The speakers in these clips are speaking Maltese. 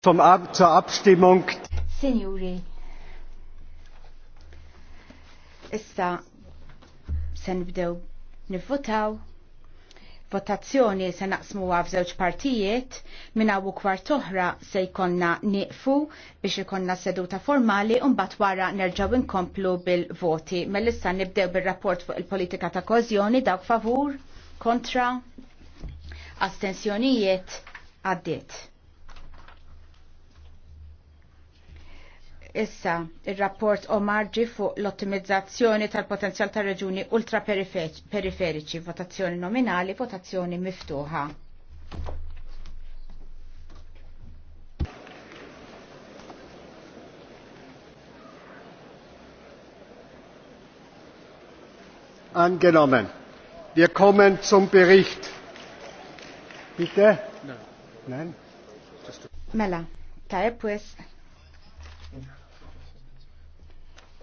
Zum Ab zur Abstimmung. Signori, issa se nibdew nivvotaw. Votazzjoni se naqsmu għaf żewġ partijiet minn u kwart oħra se jkonna nieqfu biex ikonna seduta formali un mbagħad wara nerġgħu inkomplu bil-voti. Mel-issa nibdew bir-rapport fuq il-politika ta' kożjoni dawk favur, kontra, astensjonijiet għaddit. Issa, il-rapport Omar ġi fuq l-ottimizzazzjoni tal-potenzjal ta' reġuni ultraperiferiċi, votazzjoni nominali, votazzjoni miftuħa. Angenommen. Wir kommen zum Bericht. Bitte? Nein. Nein? Mela, ta' wis.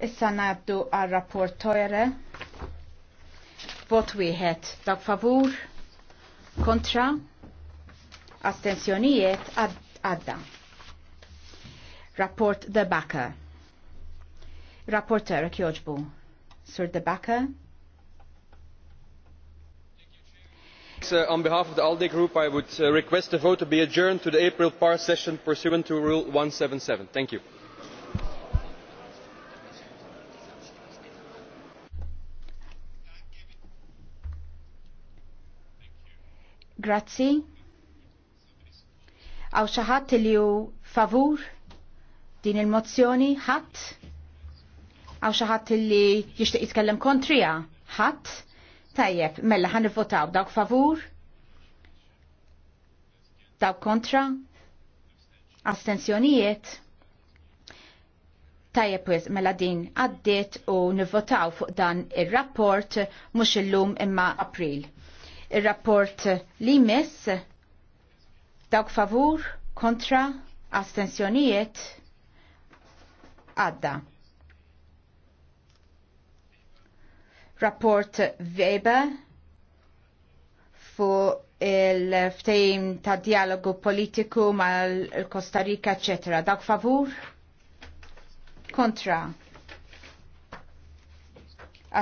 Issa nabdu għal rapport tojre. Vot wieħed dak favur, kontra, astensjonijiet għadda. Rapport debaka. Rapporter kjoġbu. Sur Uh, on behalf of the ALDE group, I would uh, request the vote to be adjourned to the April PAR session pursuant to Rule 177. Thank you. Grazzi. Għaw xaħat li ju favur din il-mozzjoni ħadd? Għaw xaħat li jishtiq jitkellem kontrija ħadd? Tajjeb, mella ħan votaw dawk favur? Dawk kontra? Astenzjonijiet? Tajjeb wiz mela din għaddiet u nivvotaw fuq dan ir rapport mhux illum imma April. Il-rapport li mess dawk favur kontra astensjonijiet għadda. Rapport Weber fu il ftejm ta' dialogu politiku mal kosta Rika etc. Dawk favur? Kontra.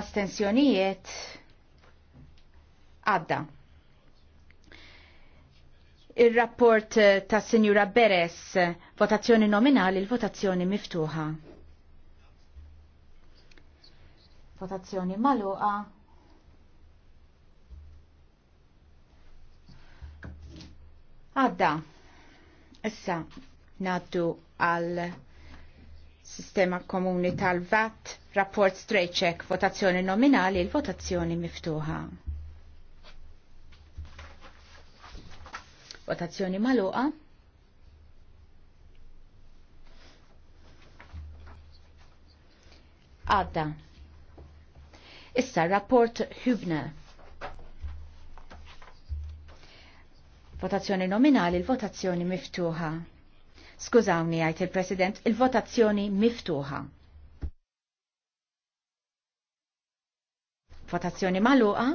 Astensjonijiet? għadda. Il-rapport eh, ta' Sinjura Beres, votazzjoni nominali, il-votazzjoni miftuħa. Votazzjoni maluqa. Għadda. Issa, naddu għal sistema komuni tal-VAT, rapport strejċek, votazzjoni nominali, il-votazzjoni miftuħa. Votazzjoni maluqa. Għadda. Issa rapport Hübner. Votazzjoni nominali, il-votazzjoni miftuħa. Skużawni, għajt il-President, il-votazzjoni miftuħa. Votazzjoni maluqa?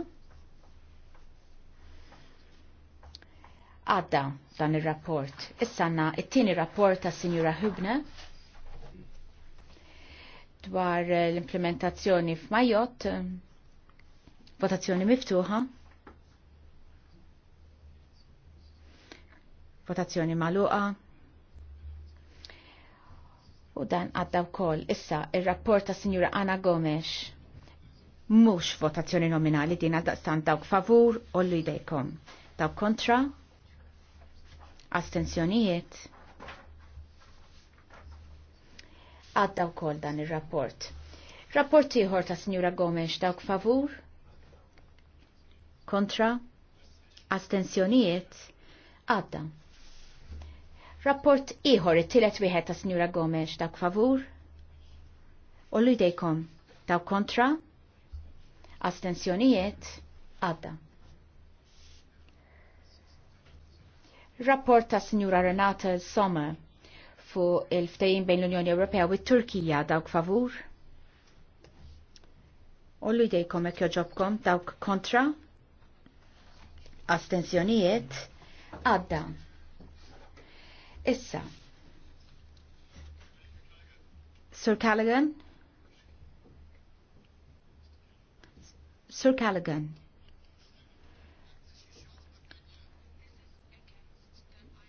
għadda dan il-rapport. Issanna it-tieni rapport ta' Sinjura Hübne dwar l-implementazzjoni f'Majot, votazzjoni miftuħa, votazzjoni maluqa, u dan għadda wkoll issa il rapport ta' Sinjura Anna Gomes mhux votazzjoni nominali din għadda daqstan dawk favur u l-idejkom. Dawk kontra, astensjonijiet għadda u kol dan il-rapport. Rapport ieħor ta' Sinjura Gomes dawk favur, kontra, astensjonijiet, għadda. Rapport ieħor it-tielet wieħed ta' Sinjura Gomes dawk favur, u l Dawk kontra, astensjonijiet, għadda. Rapport ta' Signora Renata Sommer fu il-ftejn bejn l-Unjoni Ewropea u turkija dawk favur. U l dejkom ek joġobkom dawk kontra. Astenzjonijiet għadda. Issa. Sir Callaghan? Sir Callaghan.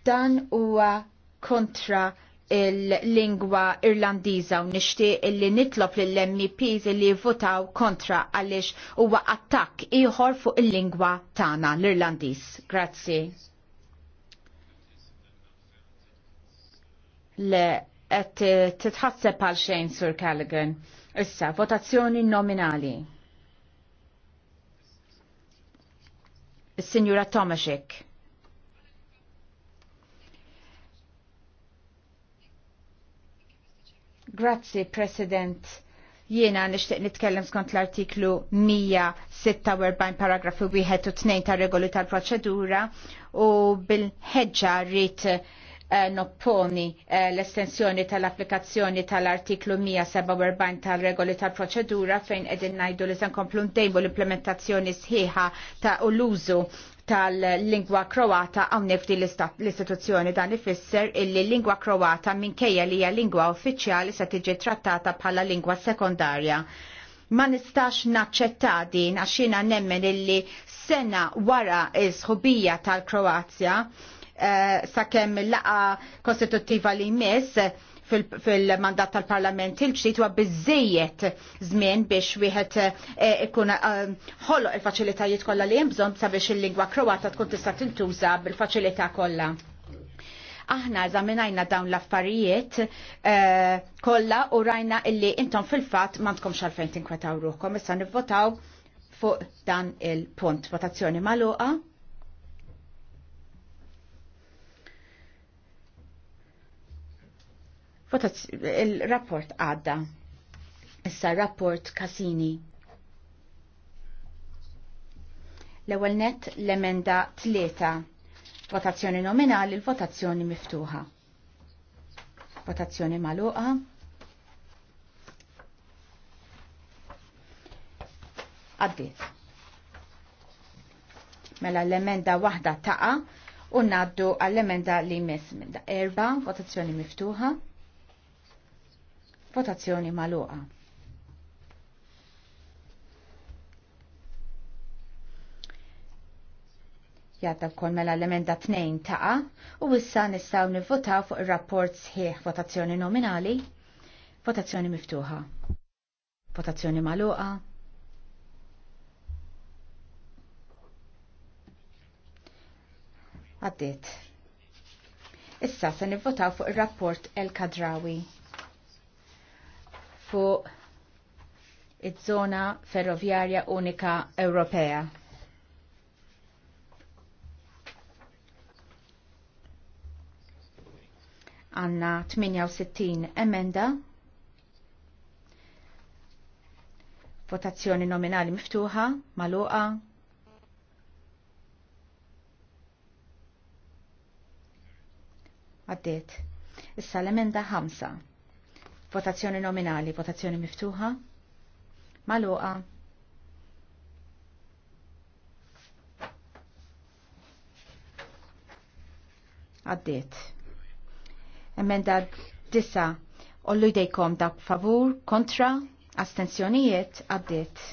dan huwa kontra il-lingwa irlandiza u nixtieq illi nitlob lill-MEPs illi votaw kontra għalix huwa attakk ieħor fuq il-lingwa tagħna l-Irlandiż. Grazzi. Le qed titħasseb għal xejn Sur Callaghan. Issa, votazzjoni nominali. Signora sinjura Tomaszek. Grazzi, President. Jiena nixtieq nitkellem skont l-artiklu 146 paragrafu 1 u 2 ta' regoli tal-proċedura u bil-ħeġġa rrit eh, nopponi eh, l-estensjoni tal-applikazzjoni tal-artiklu 147 tal-regoli tal-proċedura fejn edin najdu li sen komplu ntejbu l-implementazzjoni sħiħa ta' u l-użu tal-lingwa kroata għawnek di l-istituzzjoni dan ifisser illi lingwa kroata minkejja li hija lingwa uffiċjali se tiġi trattata bħala lingwa sekondarja. Ma nistax naċċetta din għax jiena nemmen illi sena wara is-ħubija tal-Kroazja uh, sakemm laqa kostituttiva li jmiss fil-mandat tal-Parlament il-ġdid u għabizzijiet żmien biex wieħed eh, ikun eh, ħollu il-faċilitajiet kollha li hemm bżonn sabiex il-lingwa Kroata tkun tista' tintuża bil-faċilità kollha. Aħna eżaminajna dawn l-affarijiet eh, kollha u rajna illi intom fil-fatt m'għandkom xalfejn tinkwetaw issa nivvotaw fuq dan il-punt. Votazzjoni magħluqa. il-rapport għadda. Issa rapport Cassini. L-ewwel net l-emenda tlieta. Votazzjoni nominali, l-votazzjoni miftuħa. Votazzjoni maluqa. Għaddiet. Mela l-emenda waħda taqa u naddu għall-emenda li jmiss erba, votazzjoni miftuħa. Votazzjoni maluqa. Jadda kol mela l-emenda 2 taqa u issa nistaw nivvotaw fuq il-rapport sħiħ votazzjoni nominali, votazzjoni miftuħa, votazzjoni maluqa. Għaddit. Issa se nivvotaw fuq il-rapport El Kadrawi fuq iż-żona ferroviarja unika Ewropea. Għanna 68 emenda votazzjoni nominali miftuħa, maluqa. Għaddiet. Issa l-emenda 5. Votazzjoni nominali, votazzjoni miftuħa. Maluqa. Għaddit. Emenda disa. Ollu jdejkom da favur, kontra, astenzjonijiet, għaddit.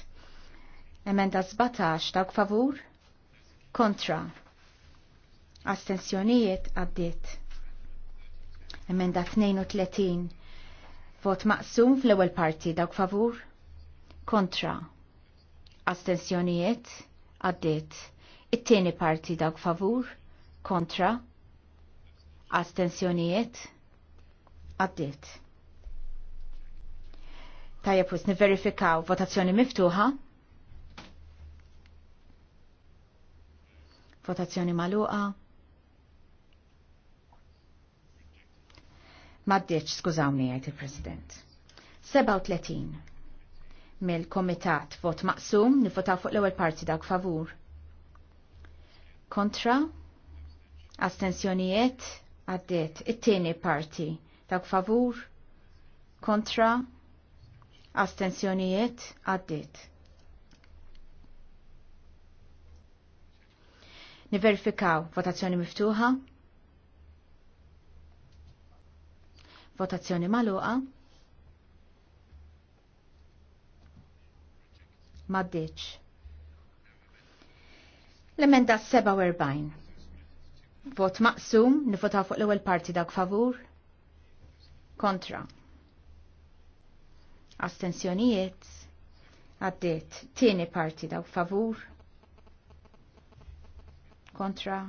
Emenda 17 da favur, kontra, astenzjonijiet, għaddiet. Emenda 32 Vot maqsum fl-ewwel parti dawk favur? Kontra. Astensjonijiet? Għaddiet. It-tieni parti dawk favur? Kontra. Astensjonijiet? Għaddiet. Tajja pus niverifikaw votazzjoni miftuħa? Votazzjoni maluqa? Maddeċ, skużawni, għajt il-President. 37. Mill-Komitat vot maqsum nifotaw fuq l-ewwel parti dak favur. Kontra? Astensjonijiet? Għaddiet. It-tieni parti dak favur? Kontra? Astensjonijiet? Għaddiet. Niverifikaw votazzjoni miftuħa? Votazzjoni maluqa. Maddiċ. L-emenda 47. Vot maqsum, nivota fuq l-ewwel parti dak favur. Kontra. Astensjonijiet. Għaddiet. Tieni parti dak favur. Kontra.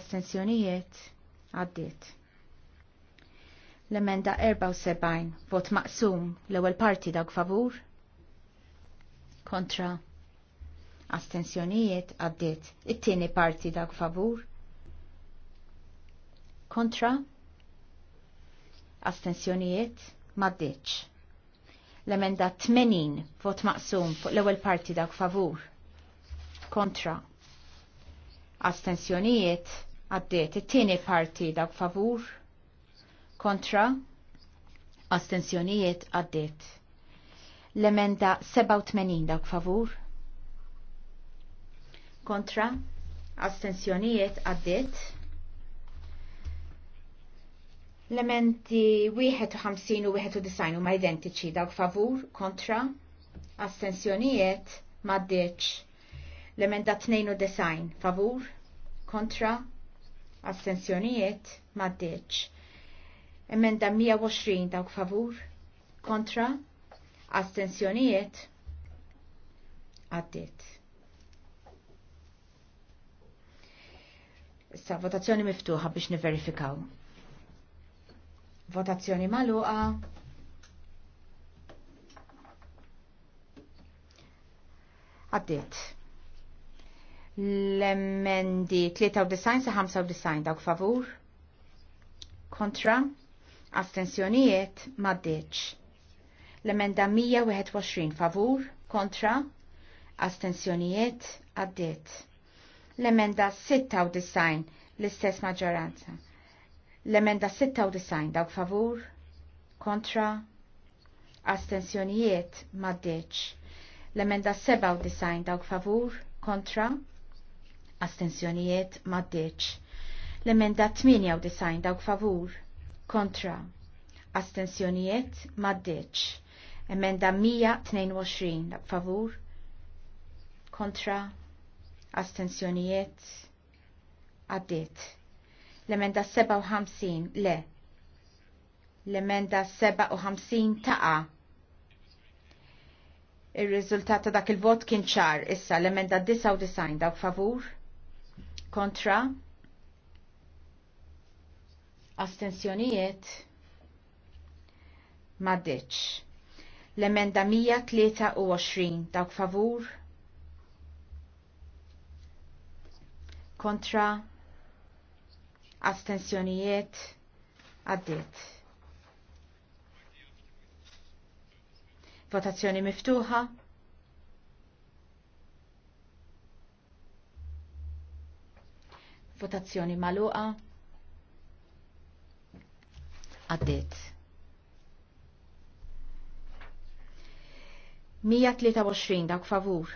Astensjonijiet. Għaddiet. L-emenda 74, vot maqsum, l-ewel parti dawk favur, kontra astensjonijiet għaddiet it-tieni parti dawk favur kontra astensjonijiet maddiċ. L-emenda 80 vot maqsum fuq l-ewwel parti dawk favur kontra astensjonijiet għaddiet it-tieni parti dawk favur kontra astensjonijiet għaddit. L-emenda 87 dawk favur kontra astensjonijiet għaddit. L-emendi 51 u 91 u ma identiċi dawk favur kontra astensjonijiet maddiċ. L-emenda 92 favur kontra astensjonijiet maddiċ Emenda 120 dawk favur, kontra, astensjonijiet, għaddit. Issa votazzjoni miftuħa biex niverifikaw. Votazzjoni maluqa. Għaddit. L-emendi 93 sa 95 dawk favur. Kontra. Astenzjonijiet maddiċ. L-emenda 121 favur kontra astensjonijiet għaddiet. L-emenda 96 l-istess maġġoranza. L-emenda 96 dawk favur kontra astensjonijiet maddiċ. L-emenda 97 dawk favur kontra astensjonijiet maddiċ. L-emenda 98 dawk favur kontra astensjonijiet maddeċ. Emenda 122 favur kontra astensjonijiet Addit. L-emenda 57 le. L-emenda 57 taqa. ir rizultat ta' dak il-vot kien ċar issa l-emenda 99 dawk favur kontra astensjonijiet maddeċ. L-emenda 123 dawk favur kontra astensjonijiet għaddit. Votazzjoni miftuħa. Votazzjoni maluqa għaddit. 123 dak favur.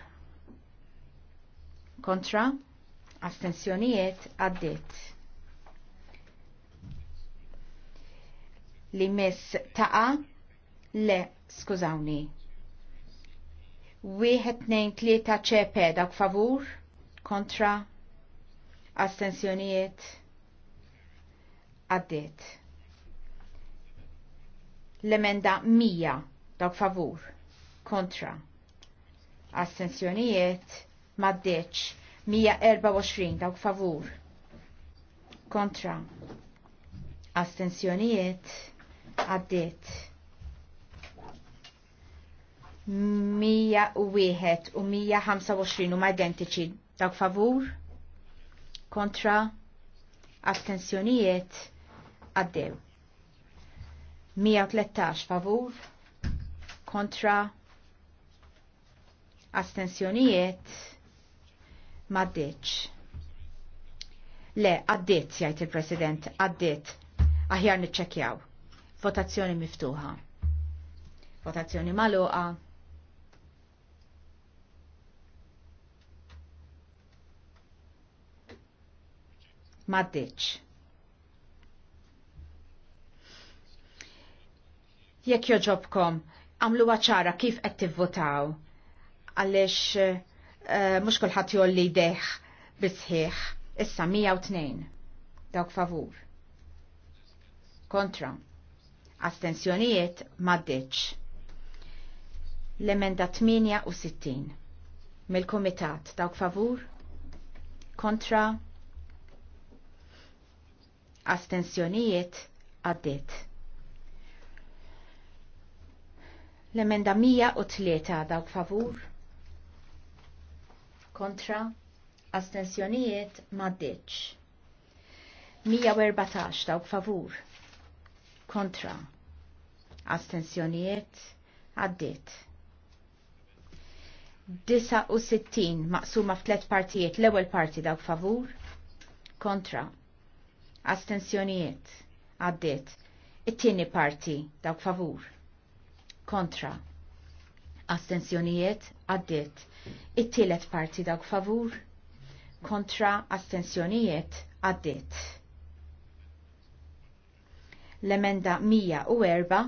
Kontra, astensjonijiet għaddit. Li miss taqa, le, skużawni. Wieħed nejn tlieta ċepe dak favur, kontra, astensjonijiet għaddit. L-emenda 100 dawk favur kontra astensjonijiet maddeċ 124 dawk favur kontra astensjonijiet għaddit 101 u 125 u ma identiċi dawk favur kontra astensjonijiet għaddew. 113 favur kontra astensjonijiet maddeċ. Le, għaddit, jgħajt il-President, għaddit. Aħjar nitċekjaw. Votazzjoni miftuħa. Votazzjoni maluqa. Maddeċ. Jekk joġobkom, għamlu ċara kif qed tivvotaw. Għaliex uh, mhux kulħadd jolli deħ bisħiħ. Issa 102. Dawk favur. Kontra. Astensjonijiet maddiċ. L-emenda 68. Mill-Komitat dawk favur. Kontra. Astensjonijiet għaddit. L-emenda 103 dawk favur. Kontra. Astensjonijiet maddiċ. 114 dawk favur. Kontra. Astensjonijiet għaddit. 69 maqsuma f'tlet partijiet l-ewwel parti dawk favur. Kontra. Astensjonijiet għaddit. It-tieni parti dawk favur kontra. Astensjonijiet għaddiet. It-tielet parti dawk favur kontra astensjonijiet għaddiet. L-emenda 104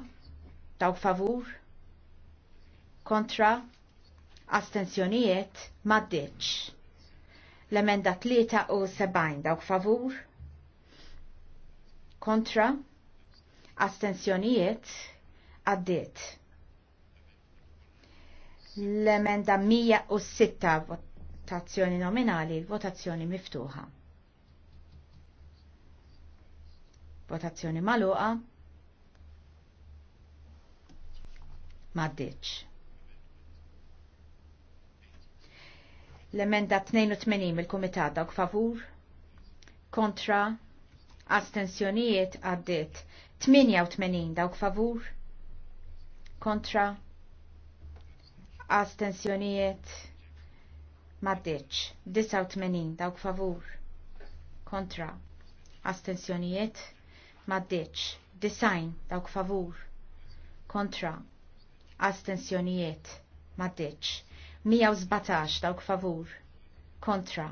dawk favur kontra astensjonijiet maddiċ. L-emenda 73 dawk favur kontra astensjonijiet għaddiet l-emenda 106 votazzjoni nominali, votazzjoni miftuħa. Votazzjoni maluqa. Maddiċ. L-emenda 82 il-Kumitat dawk favur, kontra, astensjonijiet għaddit 88 dawk favur, kontra, astensjonijiet maddeċ 89 dawk favur kontra astensjonijiet maddeċ design dawk favur kontra astensjonijiet maddeċ 117 dawk favur kontra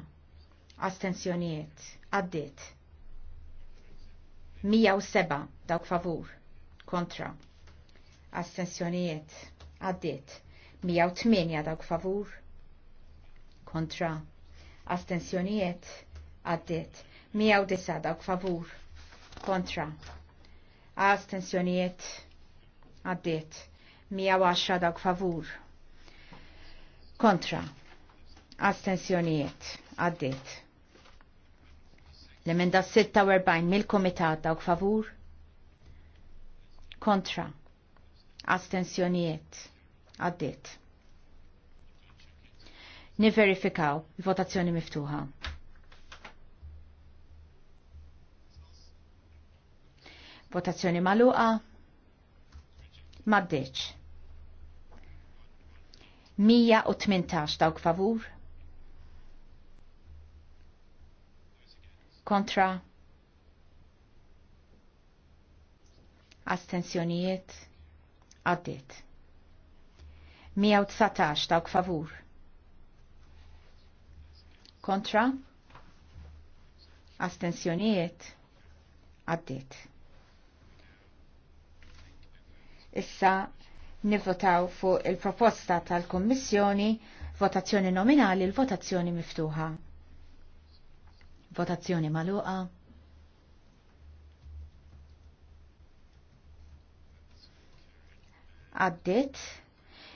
astensjonijiet għaddit 107 dawk favur kontra astensjonijiet għaddit 108 dawk favur kontra astensjonijiet għaddiet 109 dawk favur kontra astensjonijiet għaddiet 110 dawk favur kontra astensjonijiet għaddiet l-emenda 46 mill-komitat dawk favur kontra astensjonijiet Għaddit. Niverifikaw votazzjoni miftuħa. Votazzjoni maluqa. Maddeċ. 118 dawk favur. Kontra. Astensjonijiet. Għaddit. 119 dawk favur. Kontra? Astensjonijiet? Għaddit. Issa nivvotaw fuq il-proposta tal-Kommissjoni votazzjoni nominali l-votazzjoni miftuħa. Votazzjoni maluqa. Għaddit.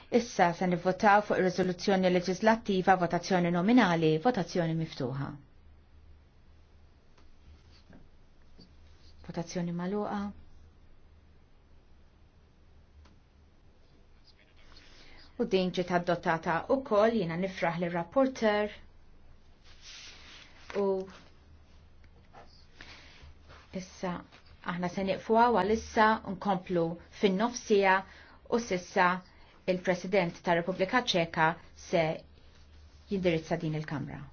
Issa se nivvotaw fuq ir-riżoluzzjoni leġislattiva votazzjoni nominali, votazzjoni miftuħa. Votazzjoni maluqa. U din ġiet adottata wkoll jiena nifraħ lir rapporter u issa aħna se nieqfu għal issa nkomplu fin-nofsija u sissa il-President tar Repubblika Ċeka se jindirizza din il-Kamra.